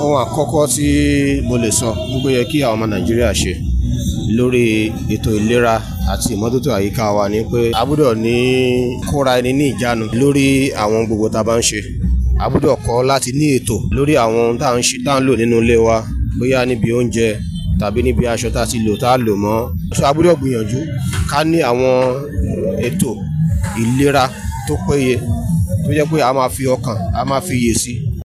ohun àkọ́kọ́ tí mo lè sọ wípé yẹ kí àwọn ọmọ nàìjíríà ṣe lórí ètò ìlera àti ìmọ́tótó àyíká wa ni pé a gbọ́dọ̀ ní kóra ẹni ní ìjánu lórí àwọn gbogbo tá a bá ń ṣe a gbọ́dọ̀ kọ́ láti ní ètò lórí àwọn tá à ń lò nínú ilé wa bóyá níbi oúnjẹ tàbí níbi aṣọ tá a ti lò tá a lò mọ́ so a gbìyànjú ká ní àwọn ètò ìlera tó péye tó jẹ́ pé a máa fi ọkàn a máa fi yè sí i